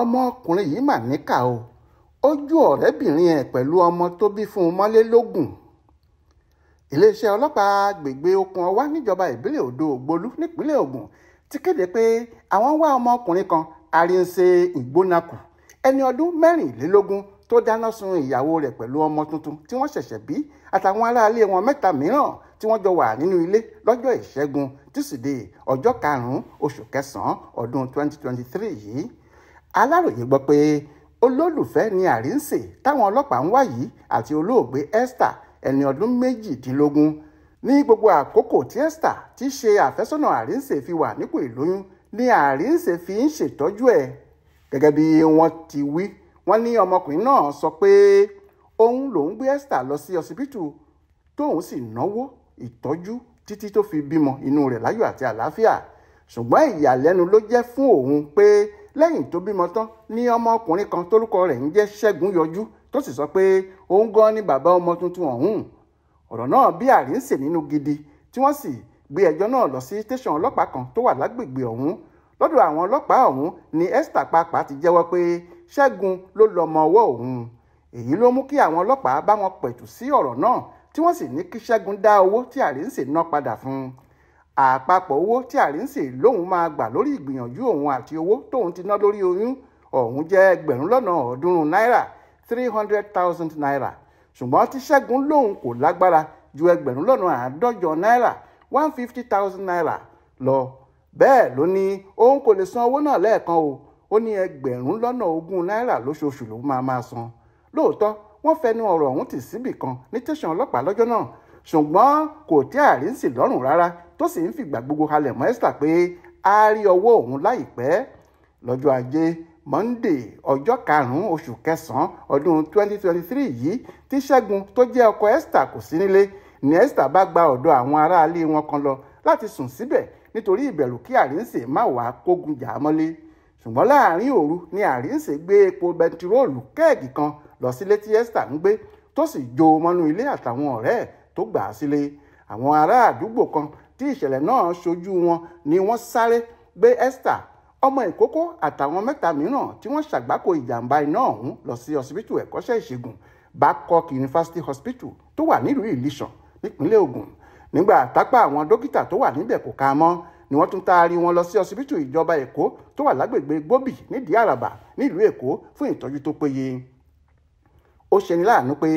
ọmọkùnrin yìí mà níkà o ó ju ọ̀rẹ́bìnrin ẹ̀ pẹ̀lú ọmọ tó bí fún un mọ́lé lógún iléeṣẹ́ ọlọ́pàá gbègbè okùn ọwá níjọba ìbílẹ̀ odò ògbólú nípínlẹ̀ Ògùn ti kéde pé àwọn wá ọmọkùnrin kan arínṣe ìgbónakù ẹni ọdún mẹ́rìnlélógún tó dáná sun ìyàwó rẹ̀ pẹ̀lú ọmọ tuntun tí wọ́n ṣẹ̀ṣẹ̀ bí àtàwọn aráalé wọn mẹ́ta mìíràn tí wọ́n jọ wà nínú ilé lọ́jọ́ ìṣẹ́gun tíṣídẹ̀ẹ́ ọjọ́ karùn-ún oṣù kẹsàn-án ọdún 2023 yìí aláròye gbọ́ pé olólùfẹ́ ni àrínsè táwọn ọlọ́pàá ń wá yìí àti olóògbé Esther ẹni ọdún méjìdínlógún ní gbogbo àkókò tí Esther ti ṣe àfẹ́sọ́nà àrínsè fi wà nípò ìlóyún ni àrínsè fi ń ṣètọ́jú ẹ̀ gẹ́gẹ́ bí wọ́n ti wí wọ́n ní ọmọkùnrin náà sọ pé òun lòún gbé Esther lọ sí ọsibítù tóun sì náwó ìtọ́jú títí tó fi bímọ inú rẹ̀ láyọ̀ àti àlàáfíà ṣùgbọ́n ìyàlẹ́nu ló jẹ́ fún òun pé lẹ́yìn tó bímọ tán ni ọmọkùnrin kan tórúkọ rẹ̀ ń jẹ́ ṣẹ́gun yọjú tó sì sọ pé òun gan ni bàbá ọmọ tuntun ọ̀hún ọ̀rọ̀ náà bí àrínsè nínú gidi tí wọ́n sì gbé ẹjọ́ náà lọ sí tẹ̀sán ọlọ́pàá kan tó wà lágbègbè ọ̀hún lọ́dọ̀ àwọn ọlọ́pàá ọ̀hún ni Esther pàápàá ti jẹ́wọ́ pé ṣẹ́gun ló lọ́mọ ọwọ́ òun èyí ló mú kí àwọn ọlọ́pàá bá wọn pẹ̀tù sí ọ̀rọ̀ náà tí wọ́n sì ní kí ṣẹ́gun dá owó tí àrínsè ná padà fún un àpapọ̀ owó tí àrínsè lóun máa gbà lórí ìgbìyànjú òun àti owó tóun ti ná lórí oyún ọ̀hún jẹ́ ẹgbẹ̀rún lọ́nà ọ̀ọ́dúnrún náírà three hundred thousand naira ṣùgbọ́n tí ṣẹ́gun lóun kò lágbára ju ẹgbẹ̀rún lọ́nà àádọ́jọ náírà one fifty thousand naira lọ bẹ́ẹ̀ ló ní òun kò lè san owó náà lẹ́ẹ̀kan o ó ní ẹgbẹ̀rún lọ́nà ogún náírà lóṣooṣù ló máa máa san lóòótọ́ wọ́n fẹnu ọ̀rọ̀ ọ̀hún tì síbì kan ní tẹ̀sán ọlọ́pàá lọ́jọ́ náà ṣùgbọ́n kò tẹ́ àrínsì lọ́rùn rárá tó sì ń fìgbà gbogbo halẹ̀ mọ́ Esther pé á rí ọwọ́ òun láìpẹ́ lọ́jọ́ ajé Monday ọjọ́ karùn-ún oṣù kẹsàn-án ọdún 2023 yìí tí Ṣẹ́gun tó jẹ́ ọkọ Esther kò sí nílé ni Esther bá gba ọ̀dọ̀ àwọn aráalé wọn kan lọ láti sùn síbẹ̀ nítorí ìbẹ̀rù kí Àrínsè má wàá kógun jà á mọ́lé ṣùgbọ́n láàrin òru ni Àrínsè gbé epo bẹntiróòlù kẹ́ẹ̀gì kan lọ sílé tí Esther ń gbé tó sì jó mọ́nú ilé àtàwọn ọ̀rẹ́ ẹ̀ tó gbà á sílé àwọn ará àdúgbò kan tí ìṣẹ̀lẹ̀ náà ṣojú wọn ni wọ́n sáré gbé Esther ọmọ ìkókó àtàwọn mẹ́ta mìíràn tí wọ́n ṣàgbákò ìjàmbá iná ọ̀hún lọ sí ọsibítù ẹ̀kọ́ṣẹ́ ìṣègùn Babcock University Hospital tó wà nílùú Ìlíṣàn nípínlẹ̀ Ògùn nígbà tápá àwọn dókítà tó wà níbẹ̀ kò ká mọ́ ni wọ́n tún taari wọn lọ sí ọsibítù ìjọba Èkó tó wà lágbègbè Gbóbì nídìí Àràbà nílùú Èkó fún ìtọ́jú tó péye ó ṣeni láàánú pé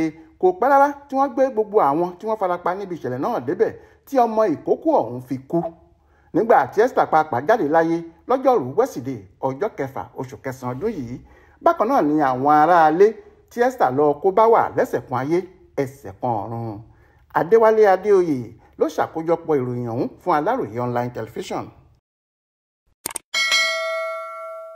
kò pẹ́ rárá tí wọ́n gbé gbogbo àwọn tí wọ́n farapa níbi ìṣẹ̀lẹ̀ náà débẹ̀ tí ọmọ ìkókó ọ̀hún fi kú nígbà tí Esther pàápàá jáde láyé lọ́jọ́rùú wẹ́sídẹ̀ẹ́ ọjọ́ kẹfà oṣù kẹsàn-án ọdún yìí bákan náà ni àwọn aráalé tí Esther lọ kó bá wà lẹ́sẹ̀ kan ayé ẹsẹ̀ kan ọ̀run Adéwálé Adéoyè ló ṣàkójọpọ̀ ìròyìn ọ̀hún fún Aláròyé online television.